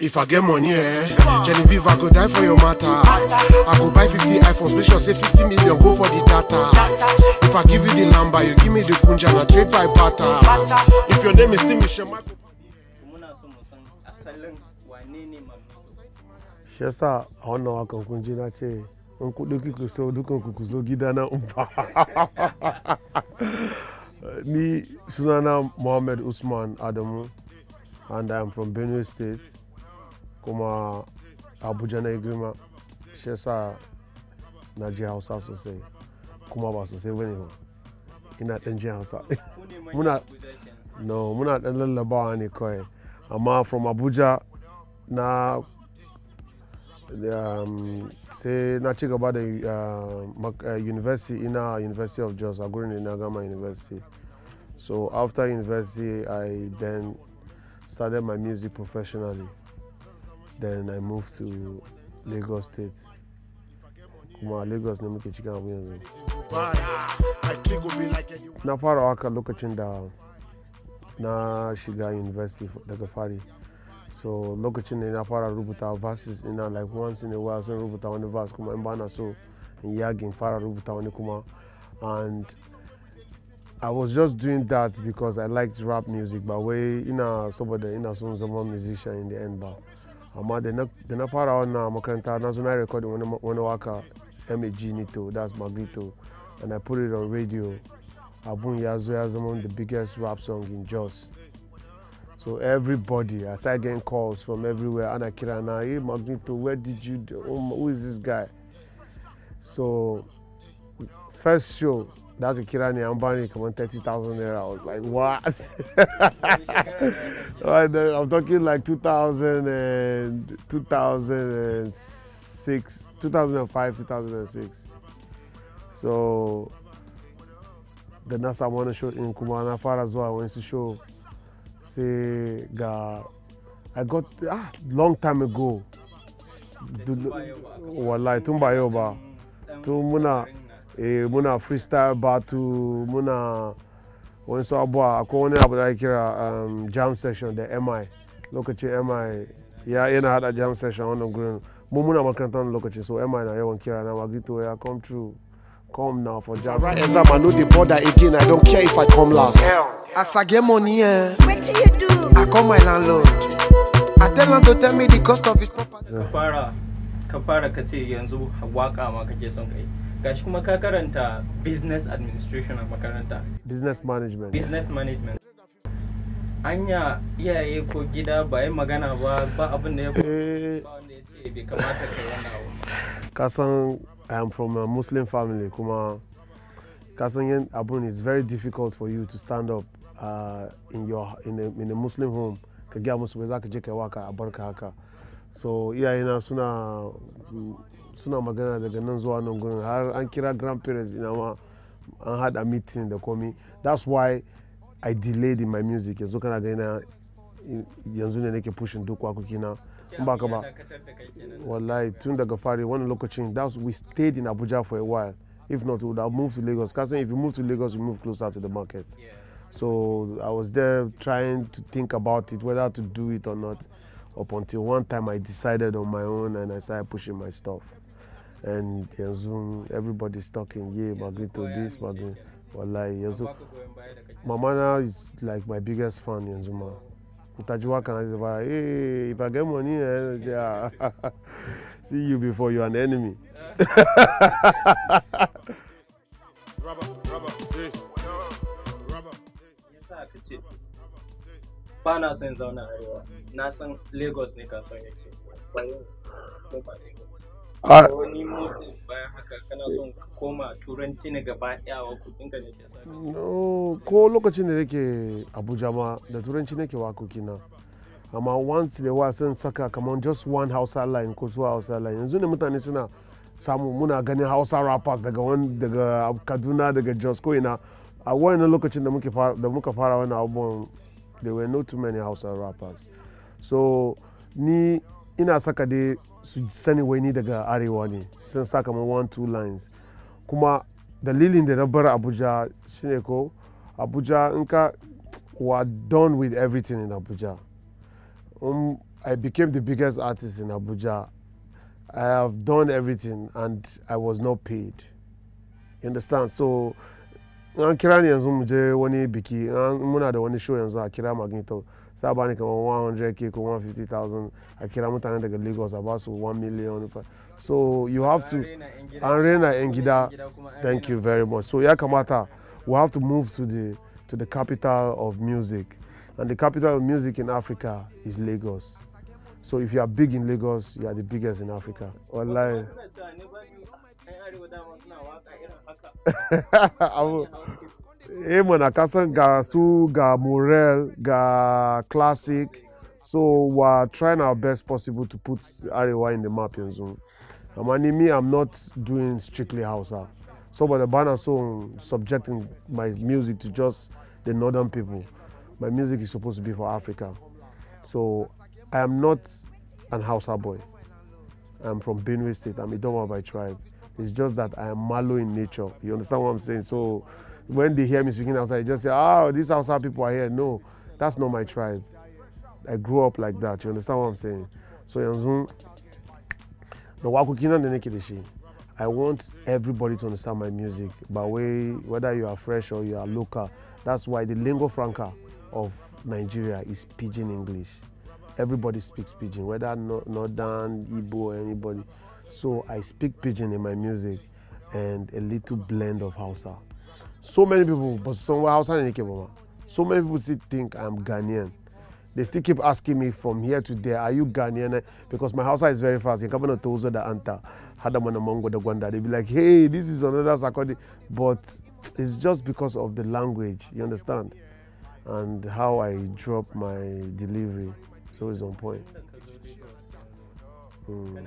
If I get money, eh, Genevieve, I go die for your matter. I go buy 50 iPhones, make sure say 50 million go for the data. If I give you the number, you give me the kunja and I trade by butter. If your name is still Michelle Michael. shi yasa a wannan wakan na ce in kudu kuku so dukan kuku so gida na umfa ni sunana muhammad usman adamu and i am from benue state kuma abuja na girma shi sa na ji hausa sosai kuma ba sosai bane ba ina dan ji hausa muna no muna dan lallabawa ne kawai amma from abuja na um, sai na ci gaba da uh, university ina university of jos a gurin na gama university so after university i then started my music professionally then i moved to lagos state kuma lagos ne muke cikin abu yanzu na fara waka lokacin da na shiga university daga fari so lokacin ne na fara rubuta verses ina like once in a while sun rubuta wani verse kuma in bana so in yagin fara rubuta wani kuma and I was just doing that because I liked rap music, but way ina saboda ina son zama musician in the end ba. amma da na fara wannan makaranta na zo na recording wani waka mag nito that's magrito and i put it on radio abun ya zo ya zama the biggest rap song in jos So everybody, I started getting calls from everywhere. Ana Kirana, hey Magneto, where did you? Do? Oh, who is this guy? So first show, da aka kira ni an bani kamar 30,000 naira. I was like, what? right then I'm talking like 2000 and 2006, 2005, 2006. So da na samu to show in kuma na fara zuwa wani show sai ga I got ah, long time ago. Wallahi tun ba yau ba. Tun muna Eh, muna freestyle battle muna wani abuwa akwai wani abu da ake kira um, jam session da mi lokacin mi ya yana hada jam session wannan gurin mu muna makarantar lokacin so mi na yawan kira na magito ya come true come now for jam right exam i know the border again i don't care if i come last as i get money eh wetin you do i call my landlord i tell am to tell me the cost of his property ka fara ka ce yanzu waka ma kake son kai gashi kuma ka karanta business administration a makaranta business management business management anya iyaye ko gida ba yi magana ba ba abin da ya eh. ba wanda ya ce bai kamata ka yi wani abu ka san i am from a muslim family kuma kasan yin abun is very difficult for you to stand up uh, in your in a, in a muslim home ka gya musu bai za ka je kai waka a barka haka so iyayena suna suna magana daga nan zuwa nan gurin har an kira grandparents ina ma an hada meeting da komi that's why i delayed in my music yanzu kana gaina yanzu ne nake pushing duk wakoki na in baka ba wallahi tun daga fari wani lokacin that's we stayed in abuja for a while if not we would have moved to lagos kasan if you move to lagos you move closer to the market so i was there trying to think about it whether to do it or not up until one time i decided on my own and i started pushing my stuff and yanzu everybody's talking yeah magrito this magrito wallahi yanzu mamana is like my biggest fan yanzu ma ntajuwa kana say hey if i get money eh yeah. see you before you are an enemy. ba na son zauna arewa na san lagos ne kasuwan yake a wani motive bayan haka kana son koma turanci ne gaba daya wa kudinka ne ko lokacin da nake abuja ma da turanci nake wakokina amma once da wasan saka kamar just one hausa line ko su hausa line yanzu ne mutane suna samu muna ganin hausa rappers daga wani daga kaduna daga jos ko ina a wannan lokacin da muka fara wani abubuwan there were not too many hausa rappers so ni ina saka dai su sani wai ni daga arewa ne sun sa kamar one two lines kuma dalilin da na bar abuja shine ko abuja in ka wa done with everything in abuja um, i became the biggest artist in abuja i have done everything and i was not paid you understand so an kira ni yanzu mu je wani biki muna da wani show yanzu a kira magneto saba ne 100k ko 150,000 a mutane daga lagos 1 million so you have to an rena thank you very much so ya kamata we have to move to the to the capital of music and the capital of music in africa is lagos so if you are big in lagos you are the biggest in africa online eh mana kasan Gasu, ga morel ga classic so we're trying our best possible to put Ariwa in the mapping zone. And ni me i'm not doing strictly hausa ah. by the banner so subjecting my music to just the northern people my music is supposed to be for africa so i am not an hausa boy i'm from benue state i'm idoma by tribe it's just that i am malo in nature you understand what i'm saying so when they hear me speaking outside, they just say, oh, these outside people are here. No, that's not my tribe. I grew up like that. You understand what I'm saying? So Yanzun, the Wakukina Nenekideshi. I want everybody to understand my music by way, whether you are fresh or you are local. That's why the lingua franca of Nigeria is Pidgin English. Everybody speaks Pidgin, whether Northern, Igbo, anybody. So I speak Pidgin in my music and a little blend of Hausa. so many people but somewhere outside Nikeboma, so many people still think I'm Ghanaian. They still keep asking me from here to there, are you Ghanaian? Because my Hausa is very fast. In Kabana Tozo da Anta, Hadamana Mongo the Gwanda, they be like, hey, this is another Sakodi. But it's just because of the language, you understand? And how I drop my delivery. So it's on point. Mm.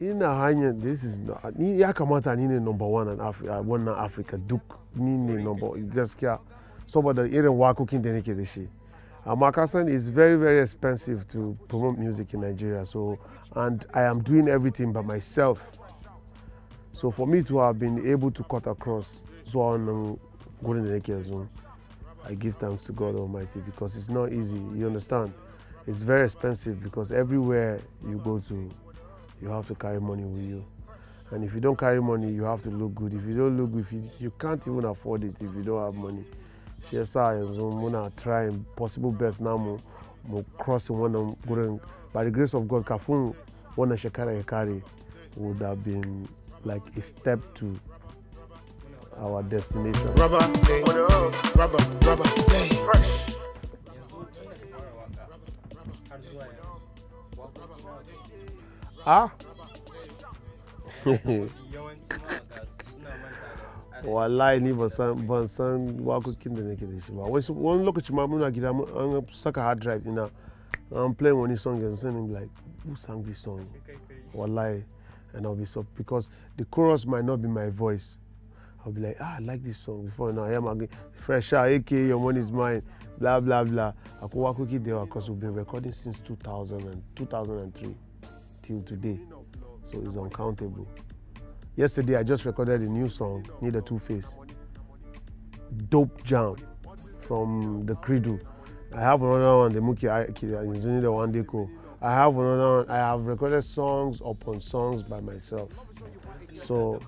ina hanyar this is ni ya kamata ni number one in a uh, wannan Africa. Duke. ni ne number Just yeah. saboda irin wakokin da nake da shi amma ka san is very very expensive to promote music in nigeria so and i am doing everything by myself so for me to have been able to cut across zuwa wannan gurin da nake yanzu i give thanks to god almighty because it's not easy you understand it's very expensive because everywhere you go to you have to carry money with you and if you don't carry money you have to look good if you don't look good if you, you can't even afford it if you don't have money shi yasa yanzu muna trying possible best namu mu crossing one of gurin by the grace of god kafun one shekara carry would have been like a step to our destination. Rubber, hey, rubber, rubber, hey. Fresh a ah. wallahi ni ban san wakokin da nake da shi ba wani lokaci ma muna gida an saka hard drive ina I'm playing one song and saying like, who sang this song? Wallahi. And I'll be so because the chorus might not be my voice. I'll be like, ah, I like this song before now. I am again. Fresh out, AK, your is mine. Blah blah blah. Akuwakuki Dewa, because we've been recording since 2000 and 2003. till today. So it's uncountable. Yesterday, I just recorded a new song, Need a Two Face. Dope Jam from the Credo. I have another one, the Muki Izuni the One Deco. I have another one. I have recorded songs upon songs by myself. So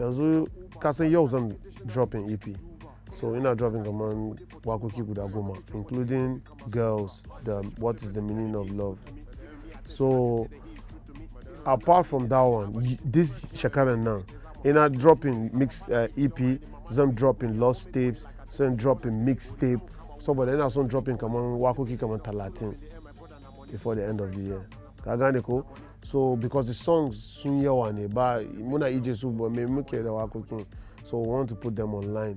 yanzu kasan yau zan drop dropping EP so ina dropping kaman wakoki guda goma including girls the what is the meaning of love so apart from that one this shekara nan ina dropping mix uh, ep zan dropping lost tapes zan dropping mix tape saboda ina son dropping kaman wakoki kaman talatin before the end of the year ka ko so because the songs sun yawa ne ba muna ije su ba me muke da wakoki so we want to put them online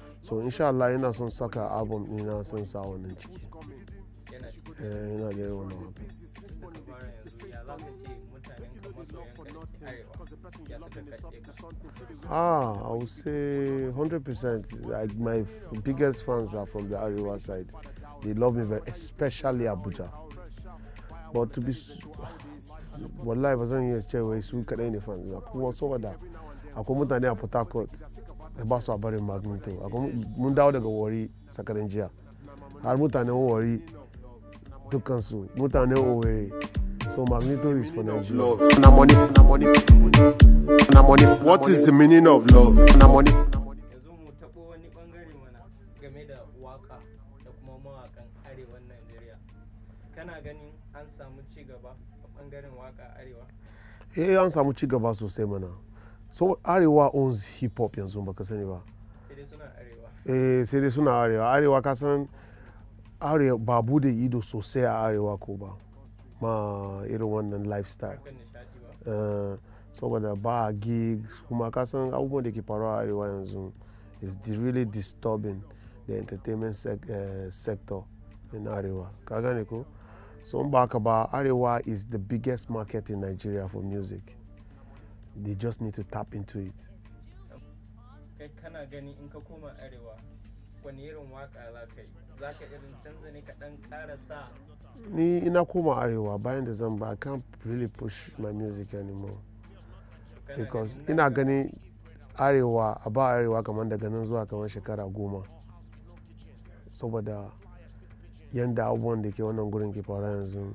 so insha Allah yana son saka album ɗina son sa wannan ciki yana eh, da yawan wannan Ah, I would say 100%. Like my biggest fans are from the arewa side. They love me very, especially Abuja. But to be, wallahi ba zan iya cewa su kaɗai any fans ba. Kuma saboda akwai mutane a Port Harcourt ba su barin magneto mun dawo daga wari sakarin jiya har mutanen wari dukansu mutanen owerri so magneto is for nigeria what is the meaning of love mu game da kana ganin an samu ci gaba a bangaren waka arewa eh an samu ci gaba sosai mana so arewa owns hip hop yanzu baka sani ba eh sai dai suna arewa arewa ka san arewa ba bude ido sosai a arewa ko ba ma irin wannan lifestyle eh, saboda ba gig kuma ka san abubuwan da ke faru a arewa yanzu is the really disturbing the entertainment eh, sector in arewa ka gane ko so ba haka ba arewa is the biggest market in nigeria for music they just need to tap into it kana gani in ka koma arewa wani irin waka za ka za ka irin ƙara sa ni ina koma arewa bayan da zan ba i can't really push my music anymore because ina gani arewa a ba arewa kamar daga nan zuwa kamar shekara goma saboda yanda abubuwan da ke wannan gurin ke faruwa yanzu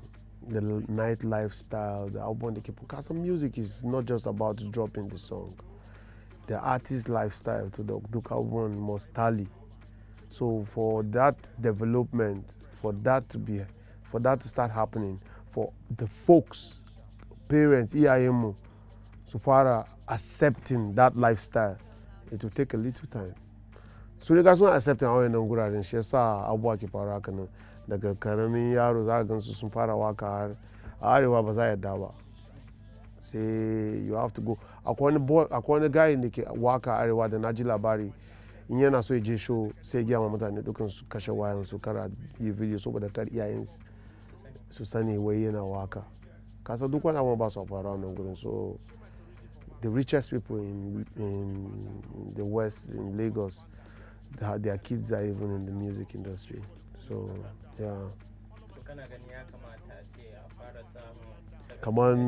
the night lifestyle, the album they keep. Because music is not just about dropping the song. The artist lifestyle to the Duka one must tally. So for that development, for that to be, for that to start happening, for the folks, parents, EIMO, so far accepting that lifestyle, it will take a little time. So they guys won't accept it. I want to go out and share. Sa abu daga karamin yaro za a su sun fara waka har a arewa ba za a yadda ba sai you have to go akwai wani gayin da ke waka arewa da na ji labari in yana so ya je show sai gya ma mutane dukkan su kashe wayan su kara yi video saboda kar iyayen su sani wai yana waka kasa duk wani abubuwa ba su faru wannan gurin so the richest people in, in the west in lagos their kids are even in the music industry so ja kaman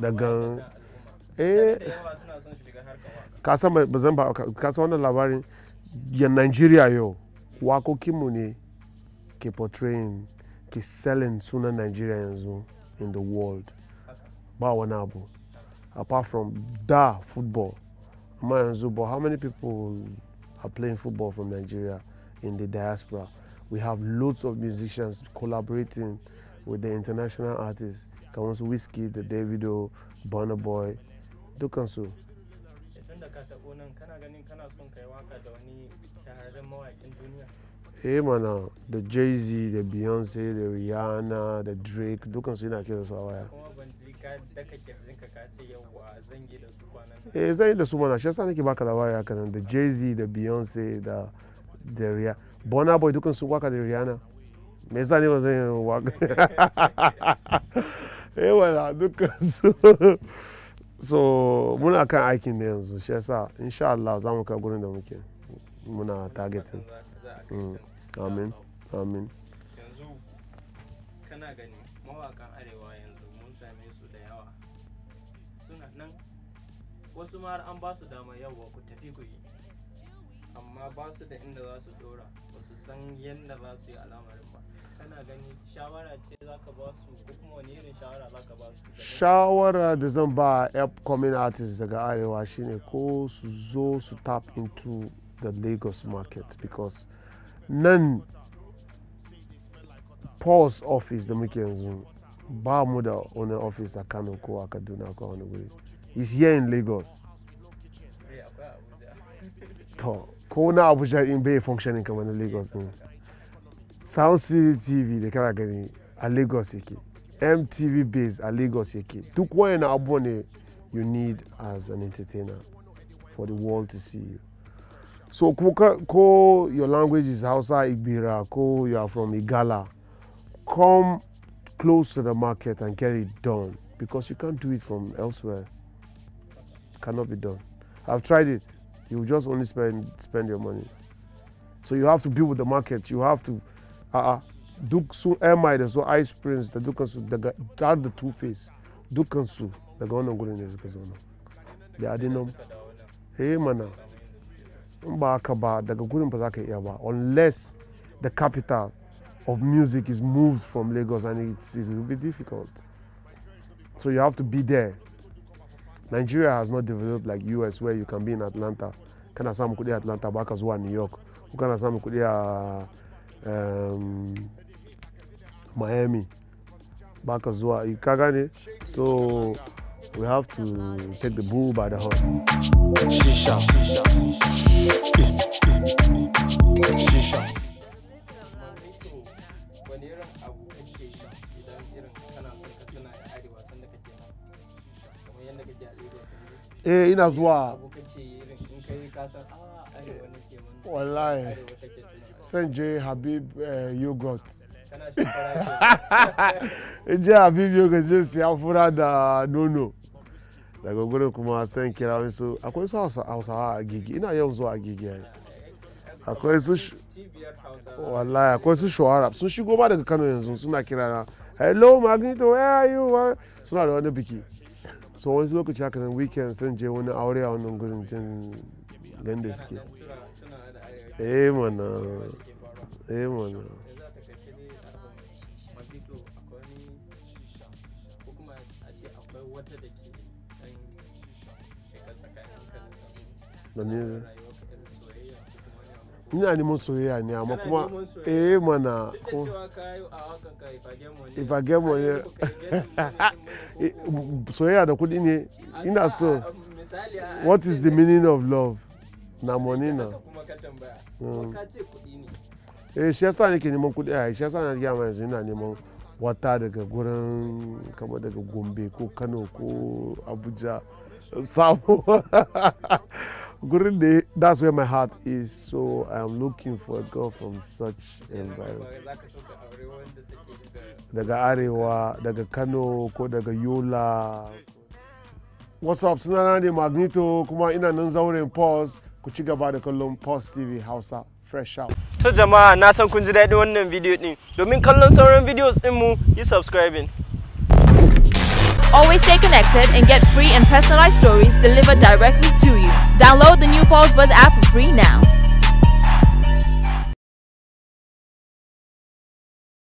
daga eh ka ba zan ba ka wannan labarin ya Nigeria yau wakokinmu ne ke portraying ke selling sunan Nigeria yanzu in the world ba wani abu apart from da football amma yanzu but how many people are playing football from Nigeria in the diaspora we have loads of musicians collaborating with the international artists kamar whiskey da davido burna boy dukansu da eh, ka uh, the mana da jay-z da beyonce da rihanna da drake dukansu yana kira su a waya is that in da su mana shi yasa nake baka labari haka da jay-z da beyonce da da rihanna Bona Boy dukkan su waka da Rihanna me yasa ne ba zan yi waka eh wala dukkan su so muna kan aikin ne yanzu shi yasa insha Allah za mu kai gurin da muke muna targeting mm, amin amin yanzu kana gani mawakan arewa yanzu mun same su da yawa suna nan wasu ma an ba su dama yau ku tafi ku yi amma ba su da inda za su dora ba su san yadda za su yi al'amarin ba kana gani shawara ce za ka ba su ko kuma wani irin shawara za ka ba su shawara da zan ba upcoming artists daga arewa shine ko su zo su tap into the lagos market because nan post office da muke yanzu ba mu da wani office a kano ko a kaduna ko wani wuri is here in lagos eh, to na abuja in bai functioning kamar na lagos ne sound city tv da get it. a lagos yake mtv base a lagos yake duk wayannan abubuwan ne you need as an entertainer for the world to see you so ko your language is hausa igbira ko you are from igala come close to the market and get it done because you can't do it from elsewhere cannot be done i've tried it you just only spend spend your money. So you have to deal with the market. You have to uh, uh duk sun ƴan mai da su ice prince da dukansu daga har the two face dukansu daga wannan gurin ne suka zauna da adinom eh mana in ba haka ba daga gurin ba za ka iya ba unless the capital of music is moved from Lagos and it's, it will be difficult. So you have to be there Nigeria has not developed like US where you can be in Atlanta. Kana samu kuɗi Atlanta ba ka zuwa New York. Ko kana samu kuɗi um, Miami ba ka zuwa. Ka So we have to take the bull by the horn. Shisha. Shisha. eh ina zuwa ah, wallahi san je habib eh, yogurt je habib yogurt je siya fura da nono daga gurin kuma san kira wasu akwai su hausawa a gigi ina yau zuwa a gigi akwai su wallahi akwai su shawara sun shigo ba daga kano yanzu suna kira na hello magneto where are you suna da wani biki so wani lokaci haka nan weekend sun je wani aure a wannan gurin can ganda suke eh mana eh mana da ne ina neman soyayya ne amma kuma eh mana ifagemo ne eh, soyayya da kudi ne ina so what is the meaning of love na money na hmm. eh shi yasa nake neman kudi a shi yasa na riga mai yanzu ina neman wata daga gurin kamar daga gombe ko kano ko abuja sabo Gurinde, that's where my heart is. So I'm looking for a girl from such environment. Daga Arewa, daga Kano, ko daga Yola. What's up? Sunana ne Magnito kuma ina nan zauren pause Ku ci gaba da kallon Pulse TV Hausa. Fresh out. To jama'a na san kun ji daɗin wannan bidiyo ɗin. Domin kallon sauran videos ɗinmu, yi subscribing. Always stay connected and get free and personalized stories delivered directly to you. Download the new Pulse Buzz app for free now.